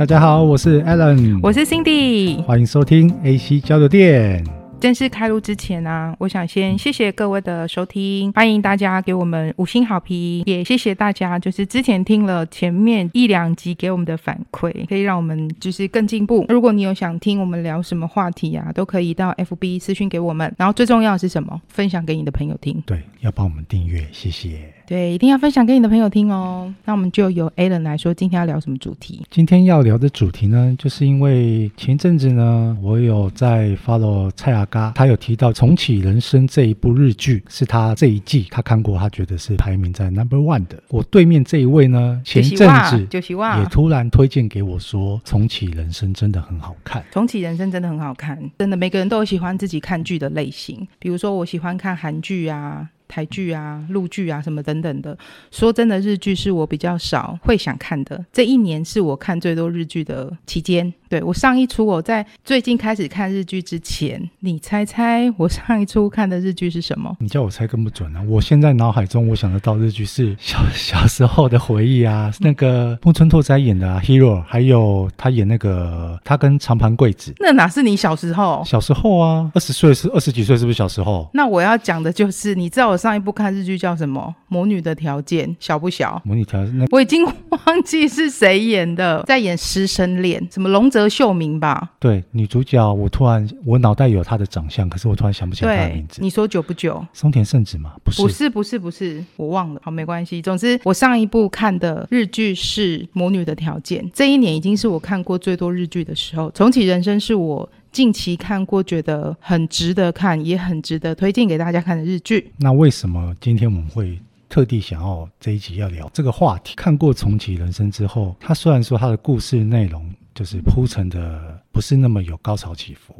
大家好，我是 Alan，我是 Cindy，歡迎收聽 AC 交流電。正式開錄之前呢、啊，我想先謝謝各位的收聽，歡迎大家給我們五星好評，也謝謝大家，就是之前聽了前面一兩集給我們的反饋，可以讓我們就是更進步。如果你有想聽我們聊什麼話題啊，都可以到 FB 私訊給我們。然後最重要的是什麼？分享給你的朋友聽。對，要幫我們訂閱，謝謝。對，一定要分享給你的朋友聽哦。那我們就由 Alan 來說，今天要聊什麼主題？今天要聊的主題呢，就是因為前陣子呢，我有在 follow 蔡阿嘎，他有提到《重啟人生》這一部日劇，是他這一季他看過，他覺得是排名在 number one 的。我對面這一位呢，前陣子就希望也突然推薦給我說，《重啟人生》真的很好看。《重啟人生》真的很好看，真的每個人都有喜歡自己看劇的類型。比如說，我喜歡看韓劇啊。台劇啊、陸劇啊什麼等等的，說真的，日劇是我比較少會想看的。這一年是我看最多日劇的期間。對，我上一出，我在最近開始看日劇之前，你猜猜我上一出看的日劇是什麼？你叫我猜更不準啊！我現在腦海中我想得到的日劇是小小時候的回憶啊，嗯、那個木村拓哉演的啊，《Hero》，還有他演那個他跟常盤貴子。那哪是你小時候？小時候啊，二十歲是二十幾歲，是不是小時候？那我要講的就是你知道。我上一部看日劇叫什麼？《魔女的條件》小不小？《魔女條件》我已經忘記是誰演的，在演師生戀，什麼瀧澤秀明吧？對，女主角我突然我腦袋有她的長相，可是我突然想不起她的名字。你說久不久？松田聖子嗎？不是，不是，不是，不是，我忘了。好，沒關係。總之，我上一部看的日劇是《魔女的條件》。這一年已經是我看過最多日劇的時候，《重啟人生》是我。近期看過覺得很值得看，也很值得推薦給大家看的日劇。那為什麼今天我們會特地想要這一集要聊這個話題？看過《重啟人生》之後，他雖然說他的故事內容就是鋪陳的不是那麼有高潮起伏，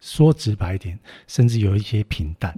說直白一點，甚至有一些平淡，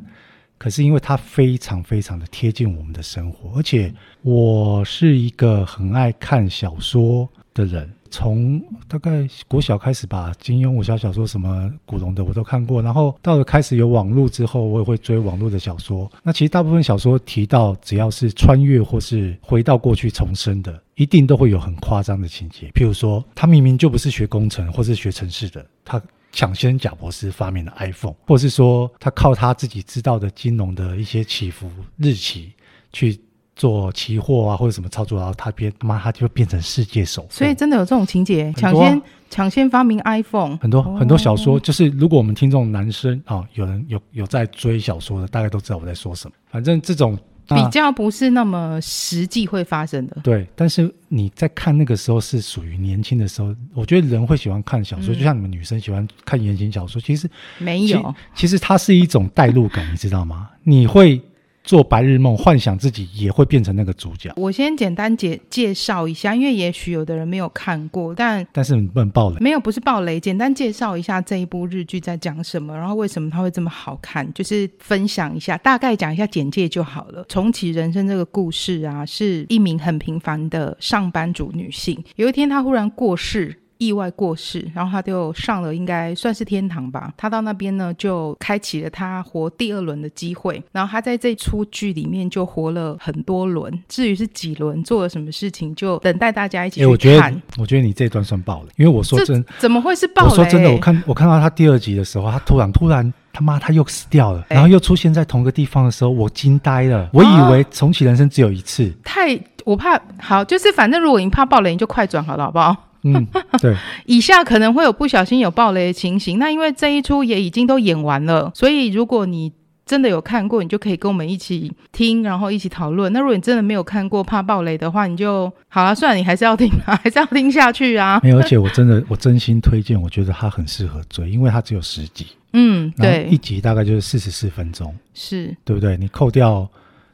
可是因為他非常非常的貼近我們的生活，而且我是一個很愛看小說的人。從大概國小開始吧，金庸武俠小，小說什麼古龍的我都看過，然後到了開始有網絡之後，我也會追網絡的小說。那其實大部分小說提到只要是穿越或是回到過去重生的，一定都會有很誇張的情節。譬如說，他明明就不是學工程或是學程式的，他搶先賈伯斯發明了 iPhone，或是說他靠他自己知道的金融的一些起伏日期去。做期貨啊，或者什麼操作，然後他變他媽，他就變成世界首富。所以真的有這種情節，搶先、啊、搶先發明 iPhone，很多很多小說，哦、就是如果我們聽眾男生啊、哦，有人有有在追小說的，大概都知道我在說什麼。反正這種、啊、比較不是那麼實際會發生的。對，但是你在看那個時候是屬於年輕的時候，我覺得人會喜歡看小說，嗯、就像你們女生喜歡看言情小說，其實沒有其，其實它是一種代入感， 你知道嗎？你會。做白日夢，幻想自己也會變成那個主角。我先簡單介介紹一下，因為也許有的人沒有看過，但但是不能爆雷，沒有不是爆雷。簡單介紹一下這一部日劇在講什麼，然後為什麼它會這麼好看，就是分享一下，大概講一下簡介就好了。重啟人生這個故事啊，是一名很平凡的上班族女性，有一天她忽然過世。意外過世，然後他就上了，應該算是天堂吧。他到那邊呢，就開啟了他活第二輪的機會。然後他在這出劇裡面就活了很多輪，至於是幾輪，做了什麼事情，就等待大家一起去看。欸、我覺得，我覺得你這段算爆雷，因為我說真，怎麼會是爆雷？我說真的，我看我看到他第二集的時候，他突然突然他媽他又死掉了，欸、然後又出現在同一個地方的時候，我驚呆了。我以為重啟人生只有一次，啊、太我怕。好，就是反正如果你怕爆雷，你就快轉好了，好不好？嗯，對， 以下可能會有不小心有爆雷的情形。那因為這一出也已經都演完了，所以如果你真的有看過，你就可以跟我們一起聽，然後一起討論。那如果你真的沒有看過，怕爆雷的話，你就好了，啊，算了，你還是要聽，還是要聽下去啊。 沒有，而且我真的，我真心推薦，我覺得它很適合追，因為它只有十集，嗯，對，一集大概就是四十四分鐘，是對不對？你扣掉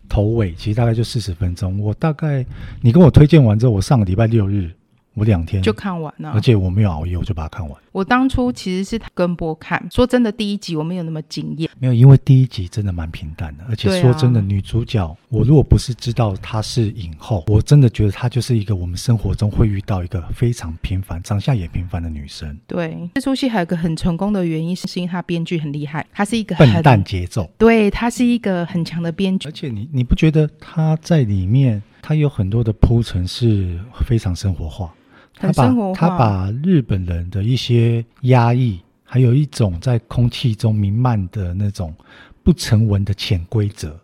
頭尾，其實大概就四十分鐘。我大概你跟我推薦完之後，我上個禮拜六日。我兩天就看完了，而且我沒有熬夜，我就把它看完。我當初其實是跟播看，說真的，第一集我沒有那麼驚艷，沒有，因為第一集真的蠻平淡的。而且說真的，啊、女主角，我如果不是知道她是影後，我真的覺得她就是一個我們生活中會遇到一個非常平凡、長相也平凡的女生。對，這出戲還有一個很成功的原因是，因為他編劇很厲害，他是一個很笨蛋節奏，對，他是一個很強的編劇。而且你你不覺得他在裡面，他有很多的鋪陳是非常生活化。他把他把日本人的一些壓抑，還有一種在空氣中瀰漫的那種不成文的潛規則。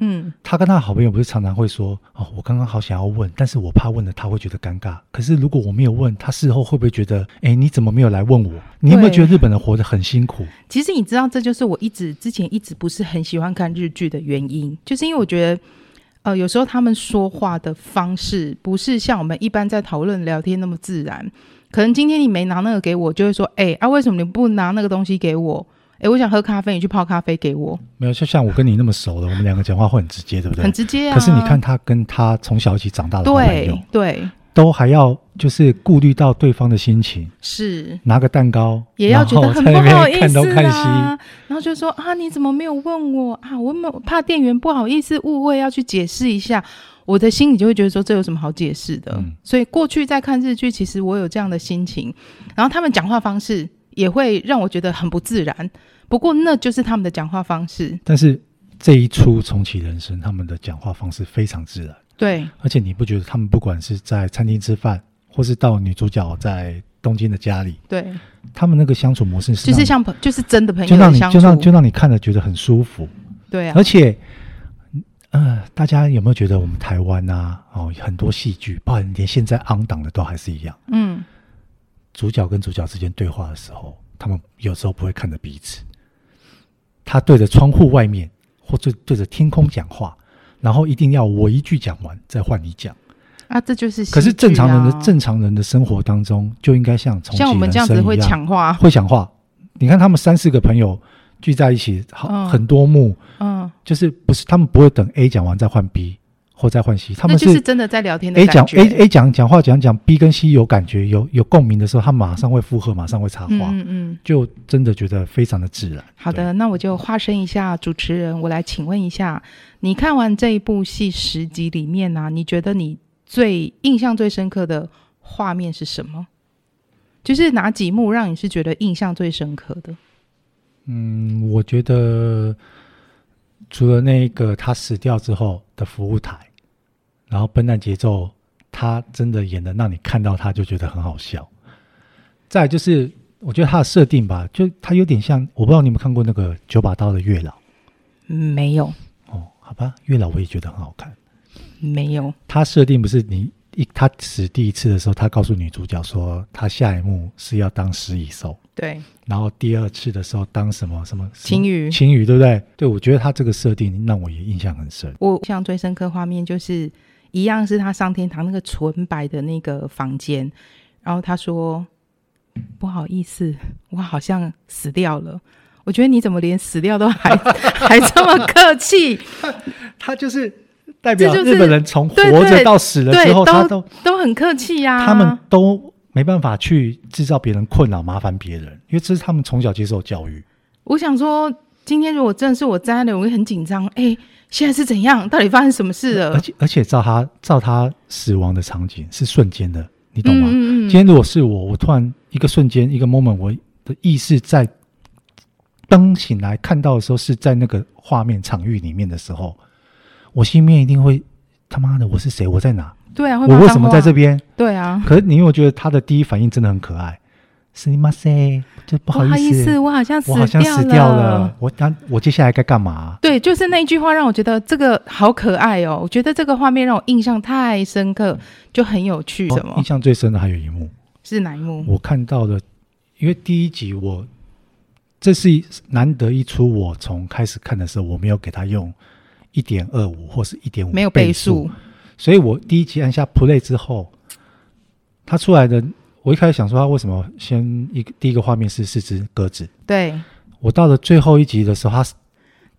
嗯，他跟他的好朋友不是常常會說：“哦，我剛剛好想要問，但是我怕問了他會覺得尷尬。可是如果我沒有問他，事後會不會覺得，誒、欸，你怎麼沒有來問我？你有沒有覺得日本人活得很辛苦？其實你知道，這就是我一直之前一直不是很喜歡看日劇的原因，就是因為我覺得。呃，有時候他們說話的方式不是像我們一般在討論聊天那麼自然。可能今天你沒拿那個給我，就會說：“哎，啊，為什麼你不拿那個東西給我？”哎，我想喝咖啡，你去泡咖啡給我。沒有，就像我跟你那麼熟了，我們兩個講話會很直接，對不對？很直接啊。可是你看他跟他從小一起長大的，對對。用都還要就是顧慮到對方的心情，是拿個蛋糕，也要，看也要覺得很不好意思呢、啊。然後就說啊，你怎麼沒有問我啊？我怕店員不好意思誤會，要去解釋一下。我的心裡就會覺得說，這有什麼好解釋的？嗯、所以過去在看日劇，其實我有這樣的心情。然後他們講話方式也會讓我覺得很不自然。不過那就是他們的講話方式。但是這一出重啟人生，他們的講話方式非常自然。對，而且你不覺得他們不管是在餐廳吃飯，或是到女主角在東京的家裡，對，他們那個相處模式是就是像朋，就是真的朋友的就讓你就讓就讓你看了覺得很舒服。對啊，而且，嗯，呃，大家有沒有覺得我們台灣啊，哦，很多戲劇，包括連現在昂檔的都還是一樣，嗯，主角跟主角之間對話的時候，他們有時候不會看着彼此，他對着窗戶外面，或者對着天空講話，然後一定要我一句講完再換你講啊，這就是、啊。可是正常人的正常人的生活當中就應該像從一像我們這樣子會搶話會搶話。你看他們三四個朋友聚在一起，好、哦、很多幕，嗯、哦，就是不是他們不會等 A 講完再換 B。後再換戲，他們是，就是真的在聊天的。A 講 A A 講講話講講 B 跟 C 有感覺有有共鳴的時候，他馬上會附和，馬上會插話，嗯，嗯嗯，就真的覺得非常的自然。好的，對那我就化身一下主持人，我來請問一下，你看完這一部戲十集裡面呢，啊，你覺得你最印象最深刻的畫面是什麼？就是哪幾幕讓你是覺得印象最深刻的？嗯，我覺得除了那個他死掉之後的服務台。然後笨蛋節奏，他真的演得讓你看到他就覺得很好笑。再來就是，我覺得他的設定吧，就他有點像，我不知道你有沒有看過那個《九把刀的月老》，沒有哦，好吧，月老我也覺得很好看，沒有。他設定不是你一他死第一次的時候，他告訴女主角說他下一幕是要當食蟻獸，對。然後第二次的時候當什麼什麼青魚，青魚對不對？對，我覺得他這個設定讓我也印象很深。我印象最深刻畫面就是。一樣是他上天堂那個純白的那個房間，然後他說：“嗯、不好意思，我好像死掉了。”我覺得你怎麼連死掉都還 還這麼客氣？他就是代表、就是、日本人從活着到死了之後，對對對他都都，他都，都很客氣呀、啊。他們都沒辦法去制造別人困擾、麻煩別人，因為這是他們從小接受教育。我想說。今天如果真的是我摘的，我會很緊張。哎、欸，現在是怎樣？到底發生什麼事了？而且而且，而且照他照他死亡的場景是瞬間的，你懂嗎？嗯、今天如果是我，我突然一個瞬間一個 moment，我的意識在當醒來看到的時候，是在那個畫面場域裡面的時候，我心裡面一定會他媽的我是誰？我在哪？對啊，我為什麼在這邊？對啊。可是，因為我覺得他的第一反應真的很可愛。私密馬賽，就不好，欸、不好意思。我好像死掉了，我那我，啊、我接下來該幹嘛、啊？對，就是那一句話讓我覺得這個好可愛哦，我覺得這個畫面讓我印象太深刻，就很有趣。什麼？印象最深的還有一幕，是哪一幕？我看到的，因為第一集我，這是難得一出我。我從開始看的時候，我沒有給他用一點二五或是一點五倍速沒有倍數，所以我第一集按下 Play 之後，他出來的。我一開始想說他為什麼先一第一個畫面是四隻鴿子？對我到了最後一集的時候，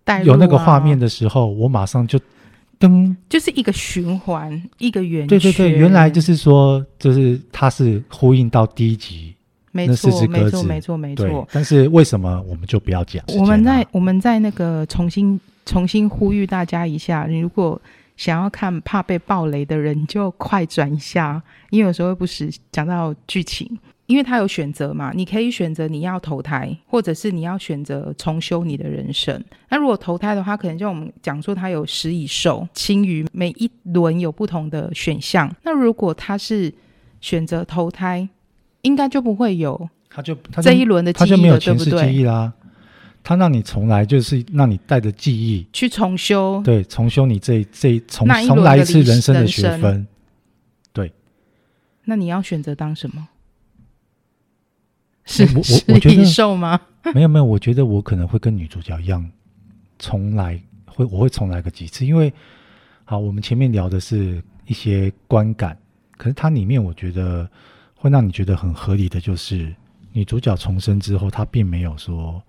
他有那個畫面的時候，我馬上就噔，就是一個循環一個圓。對對對，原來就是說就是它是呼應到第一集，沒錯，沒錯沒錯沒錯，但是為什麼我們就不要講時間啊？我們在我們在那個重新重新呼籲大家一下，你如果。想要看怕被暴雷的人就快轉一下，因為有時候會不時講到劇情，因為他有選擇嘛，你可以選擇你要投胎，或者是你要選擇重修你的人生。那如果投胎的話，可能就我們講說他有食蟻獸、青魚，每一輪有不同的選項。那如果他是選擇投胎，應該就不會有他就這一輪的記憶了，他就沒有前世記憶啦，對不對？他讓你重來，就是讓你帶着記憶去重修，對，重修你這這重重來一次人生的學分，生對。那你要選擇當什麼？對是是蟻 獸嗎？沒有沒有，我覺得我可能會跟女主角一樣重來， 會我會重來個幾次，因為好，我們前面聊的是一些觀感，可是它裡面我覺得會讓你覺得很合理的，就是女主角重生之後，她並沒有說。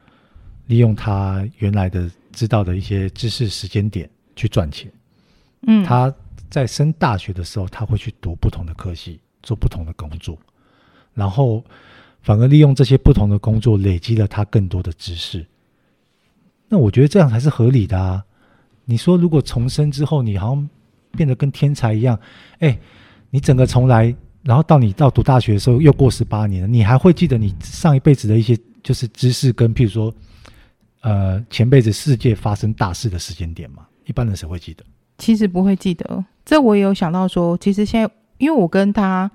利用他原來的知道的一些知識時間點去賺錢，嗯，他在升大學的時候，他會去讀不同的科系，做不同的工作，然後反而利用這些不同的工作累積了他更多的知識。那我覺得這樣才是合理的啊！你說，如果重生之後，你好像變得跟天才一樣，哎，你整個重來，然後到你到讀大學的時候又過十八年了，你還會記得你上一輩子的一些就是知識跟譬如說。呃，前輩子世界發生大事的時間點嘛，一般人誰會記得？其實不會記得。這我也有想到說，其實現在，因為我跟他，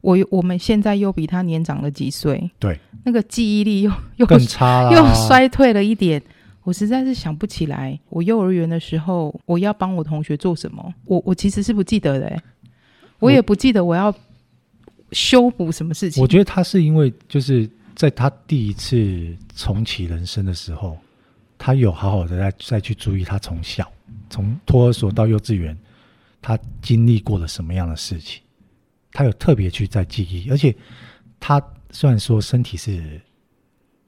我我們現在又比他年長了幾歲，對，那個記憶力又又更差，又衰退了一點，我實在是想不起來，我幼兒園的時候我要幫我同學做什麼，我我其實是不記得的，欸，我也不記得我要修補什麼事情。我，我覺得他是因為就是。在他第一次重啟人生的時候，他有好好的再再去注意他從小從托兒所到幼稚園，他經歷過了什麼樣的事情，他有特別去在記憶。而且他雖然說身體是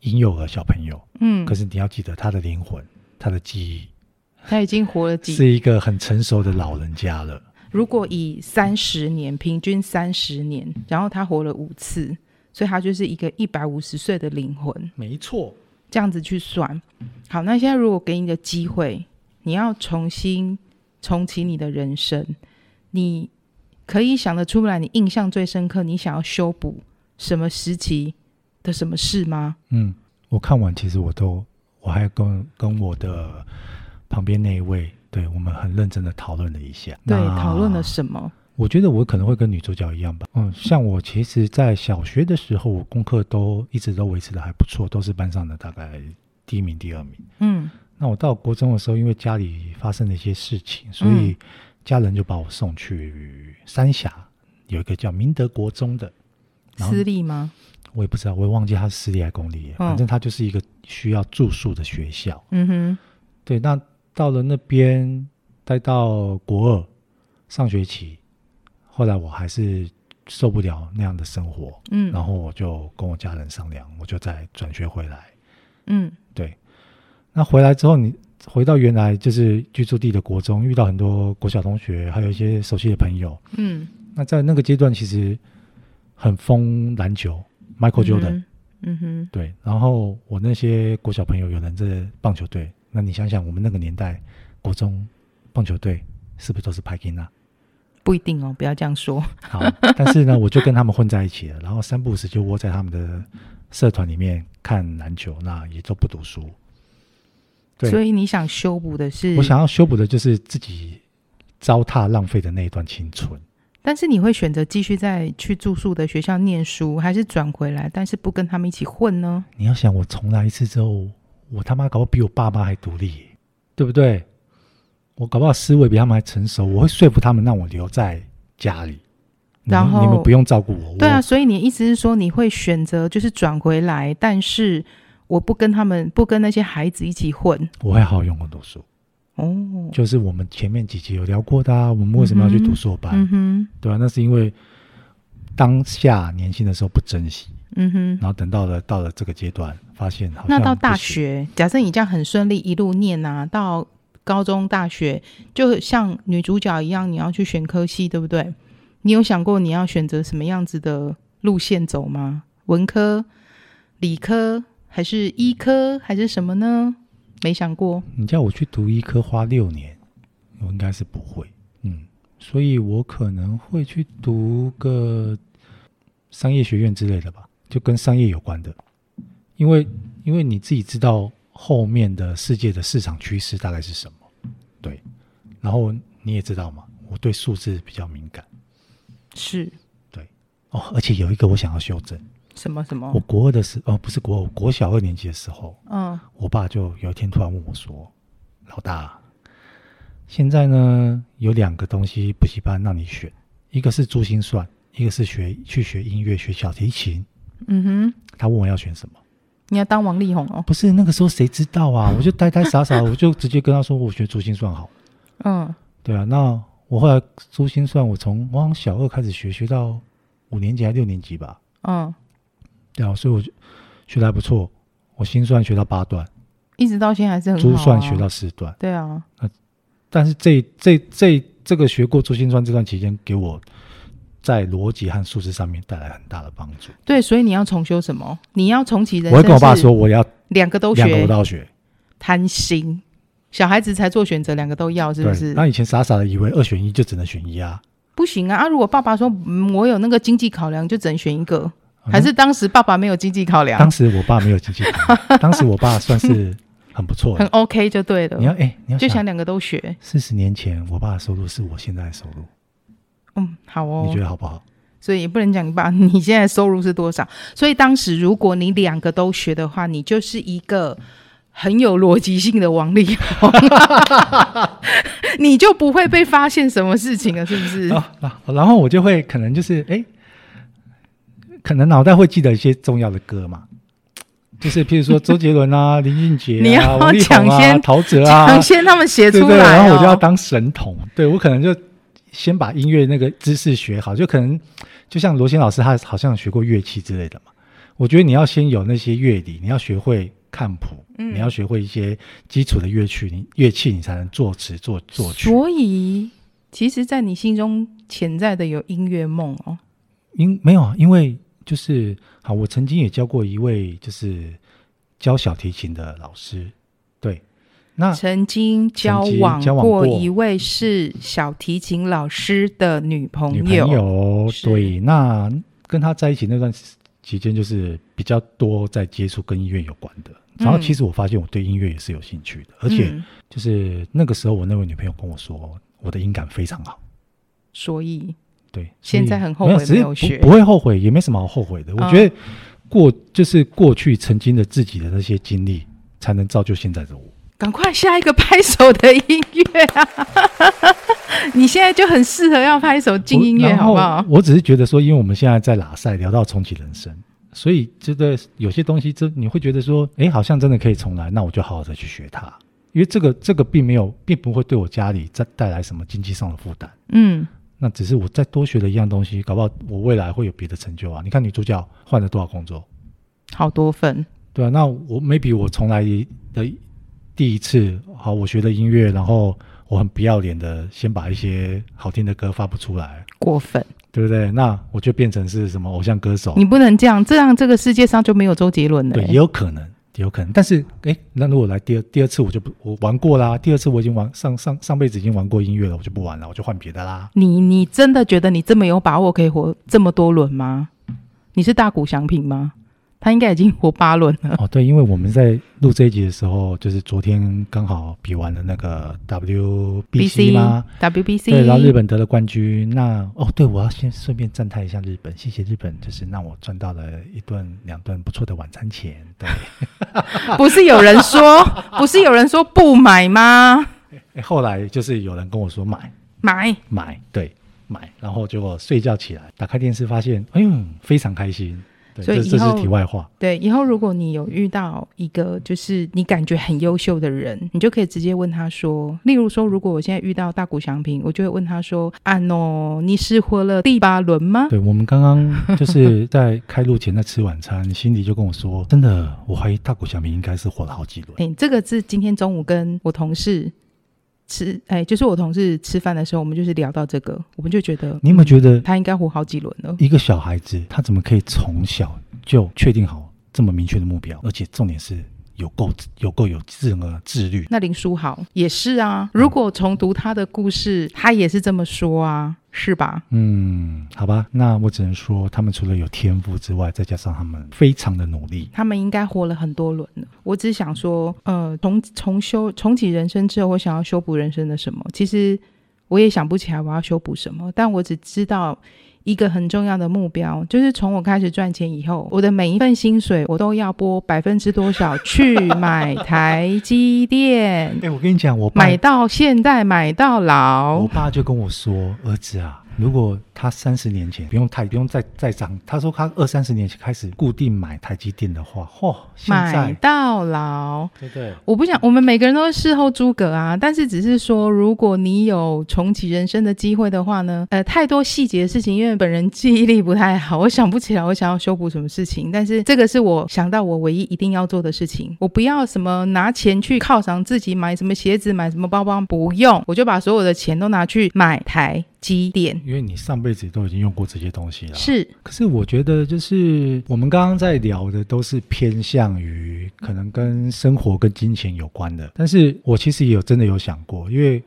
嬰幼兒小朋友，嗯，可是你要記得他的靈魂，他的記憶，他已經活了幾，是一個很成熟的老人家了。如果以三十年，平均三十年，然後他活了五次。所以他就是一個一百五十歲的靈魂，沒錯，這樣子去算。好，那現在如果給你的機會，你要重新重啟你的人生，你可以想得出來，你印象最深刻，你想要修補什麼時期的什麼事嗎？嗯，我看完其實我都，我還跟跟我的旁邊那一位，對，我們很認真的討論了一下。對，那討論了什麼？我覺得我可能會跟女主角一樣吧。嗯，像我其實，在小學的時候，我功課都一直都維持得還不錯，都是班上的大概第一名、第二名。嗯，那我到國中的時候，因為家裡發生了一些事情，所以家人就把我送去三峽，有一個叫明德國中的私立嗎？我也不知道，我也忘記它是私立還是公立。哦，反正它就是一個需要住宿的學校。嗯哼，對。那到了那邊，待到國二上學期。後來我還是受不了那樣的生活，嗯，然後我就跟我家人商量，我就再轉學回來，嗯，對。那回來之後你，你回到原來就是居住地的國中，遇到很多國小同學，還有一些熟悉的朋友，嗯。那在那個階段，其實很瘋籃球，Michael Jordan，嗯，嗯哼，對。然後我那些國小朋友有人在棒球隊，那你想想，我們那個年代國中棒球隊是不是都是拍 kin 啊？不一定哦，不要這樣說。好，但是呢，我就跟他們混在一起了， 然後三不五時就窩在他們的社團裡面看籃球，那也都不讀書。對，所以你想修補的是，我想要修補的就是自己糟蹋浪費的那一段青春。但是你會選擇繼續在去住宿的學校唸書，還是轉回來，但是不跟他們一起混呢？你要想，我重來一次之後，我他媽搞不好比我爸媽還獨立，對不對？我搞不好思維比他們還成熟，我會說服他們讓我留在家裡。然後你們不用照顧我。我對啊，所以你的意思是說你會選擇就是轉回來，但是我不跟他們、不跟那些孩子一起混。我會好好用功讀書。哦，就是我們前面幾集有聊過的、啊，的我們為什麼要去讀碩班？嗯哼嗯哼，對啊，那是因為當下年輕的時候不珍惜。嗯哼。然後等到了到了這個階段，發現好像那到大學，不行。假設你這樣很順利一路念啊，到。高中、大學就像女主角一樣，你要去選科系，對不對？你有想過你要選擇什麼樣子的路線走嗎？文科、理科，還是醫科，還是什麼呢？沒想過。你叫我去讀醫科，花六年，我應該是不會。嗯，所以我可能會去讀個商業學院之類的吧，就跟商業有關的，因為因為你自己知道，後面的世界的市場趨勢大概是什麼？對，然後你也知道嘛，我對數字比較敏感。是，對哦，而且有一個我想要修正。什麼什麼？我國二的時哦、呃，不是國二，國小二年級的時候。嗯、哦。我爸就有一天突然問我說：“老大，現在呢有兩個東西補習班讓你選，一個是珠心算，一個是學去學音樂學小提琴。”嗯哼。他問我要選什麼？你要當王力宏哦？不是那個時候誰知道啊？我就呆呆傻傻， 我就直接跟他說我學珠心算好。嗯，對啊，那我後來珠心算我從我從小二開始學，學到五年級還六年級吧。嗯，對啊，所以我就學得還不錯，我心算學到八段，一直到現在還是很好啊，珠算學到四段。對啊、呃，但是這這這這個學過珠心算這段期間給我。在邏輯和數字上面帶來很大的幫助。對，所以你要重修什麼？你要重啟人生。我會跟我爸說，我要兩個都學。兩個都學，貪心，小孩子才做選擇，兩個都要是不是？那以前傻傻的以為二選一就只能選一啊？不行啊！啊，如果爸爸說，我有那個經濟考量，就只能選一個。嗯、還是當時爸爸沒有經濟考量？當時我爸沒有經濟考量， 當時我爸算是很不錯， 很 OK 就對了。你要哎、欸，你要想就想兩個都學。四十年前，我爸的收入是我現在的收入。嗯，好哦。你覺得好不好？所以也不能講吧。你現在收入是多少？所以當時如果你兩個都學的話，你就是一個很有邏輯性的王力宏， 你就不會被發現什麼事情了，是不是、 啊啊啊？然後我就會可能就是，哎、欸，可能腦袋會記得一些重要的歌嘛，就是譬如說周杰倫啊、 林俊傑、啊、你要搶、啊、先，王力宏啊、陶喆啊，搶先他們寫出來對對，然後我就要當神童，哦、對我可能就。先把音樂那個知識學好，就可能，就像羅欣老師，他好像學過樂器之類的嘛。我覺得你要先有那些樂理，你要學會看譜，嗯，你要學會一些基礎的樂曲，你樂器你才能作詞、作作曲。所以，其實，在你心中潛在的有音樂夢哦。因沒有啊，因為就是好，我曾經也教過一位就是教小提琴的老師，對。那曾經交往過一位是小提琴老師的女朋友，朋友是對。那跟他在一起那段期間，就是比較多在接觸跟音樂有關的。然後其實我發現我對音樂也是有興趣的，嗯、而且就是那個時候，我那位女朋友跟我說，我的音感非常好，所以對，所以現在很後悔沒有學不，不會後悔，也沒什麼好後悔的。哦、我覺得過就是過去曾經的自己的那些經歷，才能造就現在的我。趕快下一個拍手的音樂啊！ 你現在就很適合要拍一首輕音樂，好不好？我，我只是覺得說，因為我們現在在喇賽聊到重啟人生，所以覺得有些東西，真你會覺得說，誒，好像真的可以重來，那我就好好的去學它。因為這個，這個並沒有，並不會對我家裡再帶來什麼經濟上的負擔。嗯，那只是我再多學了一樣東西，搞不好我未來會有別的成就啊！你看女主角換了多少工作，好多份。對啊，那我 maybe 我重來的。第一次好，我學了音樂，然後我很不要臉的先把一些好聽的歌發布出來，過分，對不對？那我就變成是什麼偶像歌手？你不能這樣，這樣這個世界上就沒有周杰倫了。對，也有可能，有可能。但是，誒，那如果來第二第二次，我就不，我玩過啦。第二次我已經玩上上上輩子已經玩過音樂了，我就不玩了，我就換別的啦。你你真的覺得你這麼有把握可以活這麼多輪嗎？嗯、你是大谷翔平嗎？他應該已經活八輪了。哦，對，因為我們在錄這一集的時候，就是昨天剛好比完了那個 WBC 嗎？WBC 對，然後日本得了冠軍。那哦，對，我要先順便讚嘆一下日本，謝謝日本，就是讓我賺到了一頓兩頓不錯的晚餐錢。對， 不是有人說， 不是有人說不買嗎？哎，後來就是有人跟我說買買買，對買，然後結果睡覺起來，打開電視發現，哎呦，非常開心。對所以，以這是題外話。對，以後如果你有遇到一個就是你感覺很優秀的人，你就可以直接問他說，例如說，如果我現在遇到大谷翔平，我就會問他說：“安諾、啊，你是活了第八輪嗎？”對，我們剛剛就是在開錄前在吃晚餐， 你心裡就跟我說：“真的，我懷疑大谷翔平應該是活了好幾輪。”哎，這個是今天中午跟我同事。吃，哎，就是我同事吃飯的時候，我們就是聊到這個，我們就覺得，你有沒有覺得、嗯、他應該活好幾輪呢？一個小孩子，他怎麼可以從小就確定好這麼明確的目標，而且重點是有夠有夠有自個自律？那林書豪也是啊，如果重讀他的故事，嗯、他也是這麼說啊。是吧？嗯，好吧，那我只能說，他們除了有天賦之外，再加上他們非常的努力。他們應該活了很多輪了。我只想說，呃，重重修重啟人生之後，我想要修補人生的什麼？其實我也想不起來我要修補什麼，但我只知道。一個很重要的目標，就是從我開始賺錢以後，我的每一份薪水，我都要撥百分之多少去買台積電。哎、 欸，我跟你講，我爸買到現在買到老。我爸就跟我說， 兒子啊。如果他三十年前不用太，不用再再漲，他說他二三十年前開始固定買台積電的話，嚯，現在買到老。對對，我不想我們每個人都是事後諸葛啊，但是只是說，如果你有重啟人生的機會的話呢，呃，太多細節的事情，因為本人記憶力不太好，我想不起來我想要修補什麼事情，但是這個是我想到我唯一一定要做的事情，我不要什麼拿錢去犒賞自己買，買什麼鞋子買，買什麼包包，不用，我就把所有的錢都拿去買台。點。因為你上輩子都已經用過這些東西了。是，可是我覺得，就是我們剛剛在聊的，都是偏向於可能跟生活、跟金錢有關的。嗯、但是我其實也有真的有想過，因為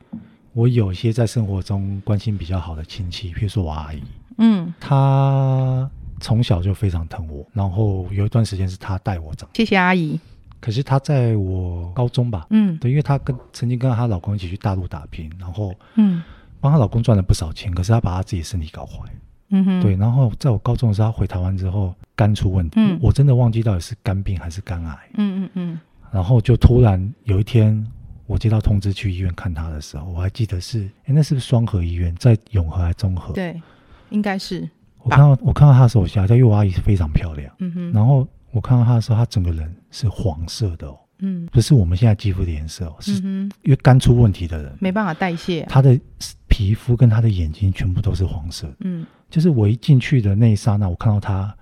我有一些在生活中關心比較好的親戚，譬如說我阿姨，嗯，她從小就非常疼我，然後有一段時間是她帶我長。謝謝阿姨。可是她在我高中吧，嗯，對，因為她跟曾經跟她老公一起去大陸打拼，然後，嗯。幫她老公賺了不少錢，可是她把她自己身體搞壞。嗯哼，對。然後在我高中的時候，她回台灣之後肝出問題。嗯，我真的忘記到底是肝病還是肝癌。嗯嗯嗯。然後就突然有一天，我接到通知去醫院看她的時候，我還記得是，哎，那是不是雙和醫院？在永和還是中和？對，應該是。我看到吧我看到她的手下，這玉阿姨非常漂亮。嗯哼。然後我看到她的時候，她整個人是黃色的哦。嗯，不是我們現在肌膚的顏色、哦，嗯、哼是因為肝出問題的人沒辦法代謝、啊，他的皮膚跟他的眼睛全部都是黃色。嗯，就是我一進去的那一剎那，我看到他，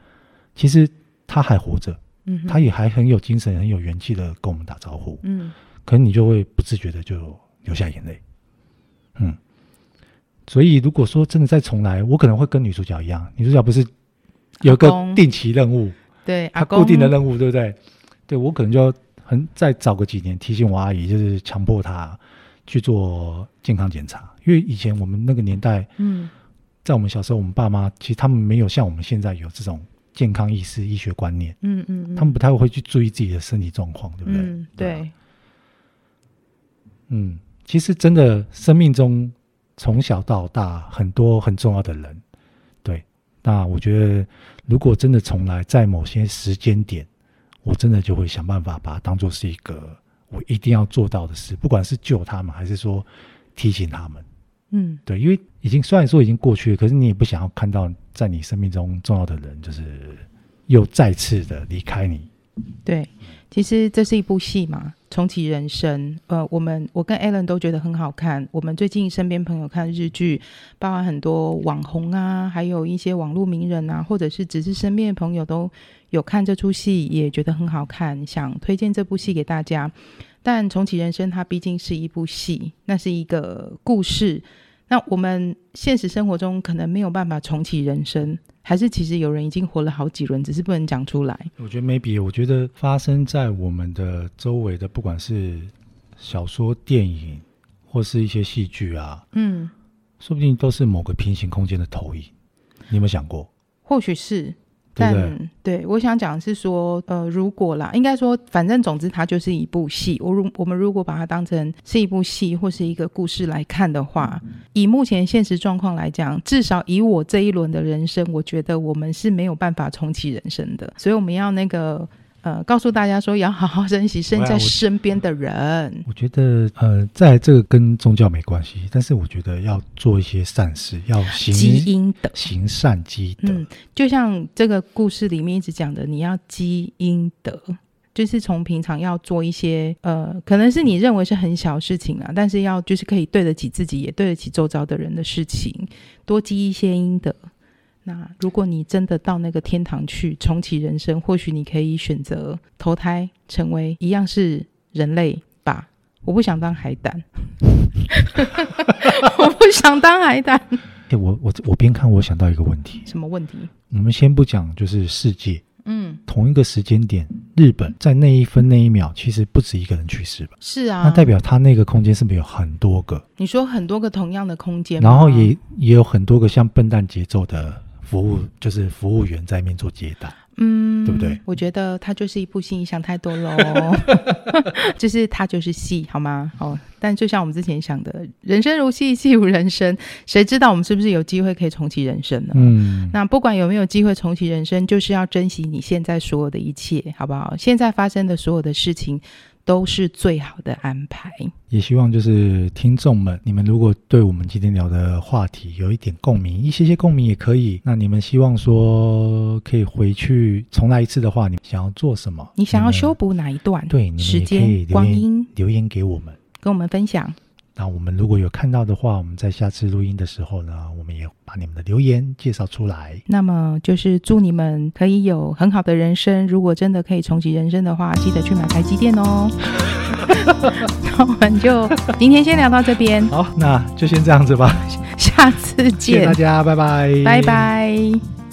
其實他還活着，嗯、哼他也還很有精神、很有元氣的跟我們打招呼。嗯，可能你就會不自覺的就流下眼淚。嗯，所以如果說真的再重來，我可能會跟女主角一樣，女主角不是有個定期任務，對啊，她固定的任務，對不對？對，對我可能就要。很再早個幾年提醒我阿姨，就是強迫她去做健康檢查，因為以前我們那個年代，嗯，在我們小時候，我們爸媽其實他們沒有像我們現在有這種健康意識、醫學觀念，嗯，嗯嗯，他們不太會去注意自己的身體狀況，對不對？嗯、對，嗯，其實真的生命中從小到大很多很重要的人，對，那我覺得如果真的從來在某些時間點。我真的就會想辦法把它當做是一個我一定要做到的事，不管是救他們還是說提醒他們，嗯，對，因為已經雖然說已經過去了，可是你也不想要看到在你生命中重要的人就是又再次的離開你。對，其實這是一部戲嘛。重啟人生，呃，我們我跟 Allen 都覺得很好看。我們最近身邊朋友看日劇，包含很多網紅啊，還有一些網絡名人啊，或者是只是身邊的朋友都有看這出戲，也覺得很好看，想推薦這部戲給大家。但重啟人生它畢竟是一部戲，那是一個故事。那我們現實生活中可能沒有辦法重啟人生，還是其實有人已經活了好幾輪，只是不能講出來。我覺得沒必，我覺得發生在我們的周圍的，不管是小說、電影，或是一些戲劇啊，嗯，說不定都是某個平行空間的投影，你有沒有想過？或許是。但對，我想講是說，呃，如果啦，應該說，反正總之，它就是一部戲。我如我們如果把它當成是一部戲或是一個故事來看的話，以目前現實狀況來講，至少以我這一輪的人生，我覺得我們是沒有辦法重啟人生的，所以我們要那個。呃，告訴大家說，要好好珍惜身在身邊的人，我我。我覺得，呃，在這個跟宗教沒關係，但是我覺得要做一些善事，要行積陰德，行善積德。嗯，就像這個故事裡面一直講的，你要積陰德，就是從平常要做一些，呃，可能是你認為是很小事情啊，但是要就是可以對得起自己，也對得起周遭的人的事情，嗯、多積一些陰德。那如果你真的到那個天堂去重啟人生，或許你可以選擇投胎成為一樣是人類吧。我不想當海膽， 我不想當海膽。欸、我我我邊看我想到一個問題，什麼問題？我們先不講，就是世界，嗯，同一個時間點，日本在那一分那一秒，其實不止一個人去世吧？是啊，那代表他那個空間是不是有很多個？你說很多個同樣的空間，然後也也有很多個像笨蛋節奏的。服務就是服務員在面做接待，嗯，對不對？我覺得他就是一部戲，你想太多嘍， 就是他就是戲，好嗎？哦，但就像我們之前想的，人生如戲，戲如人生，誰知道我們是不是有機會可以重啟人生呢？嗯，那不管有沒有機會重啟人生，就是要珍惜你現在所有的一切，好不好？現在發生的所有的事情。都是最好的安排。也希望就是聽眾們，你們如果對我們今天聊的話題有一點共鳴，一些些共鳴也可以。那你們希望說可以回去重來一次的話，你們想要做什麼？你想要修補哪一段？對，時間、光陰留言給我們，跟我們分享。那我們如果有看到的話，我們在下次錄音的時候呢，我們也把你們的留言介紹出來。那麼就是祝你們可以有很好的人生。如果真的可以重啟人生的話，記得去買台積電哦。 那我們就今天先聊到這邊。 好，那就先這樣子吧。 下次見， 謝謝大家拜拜，拜拜。Bye bye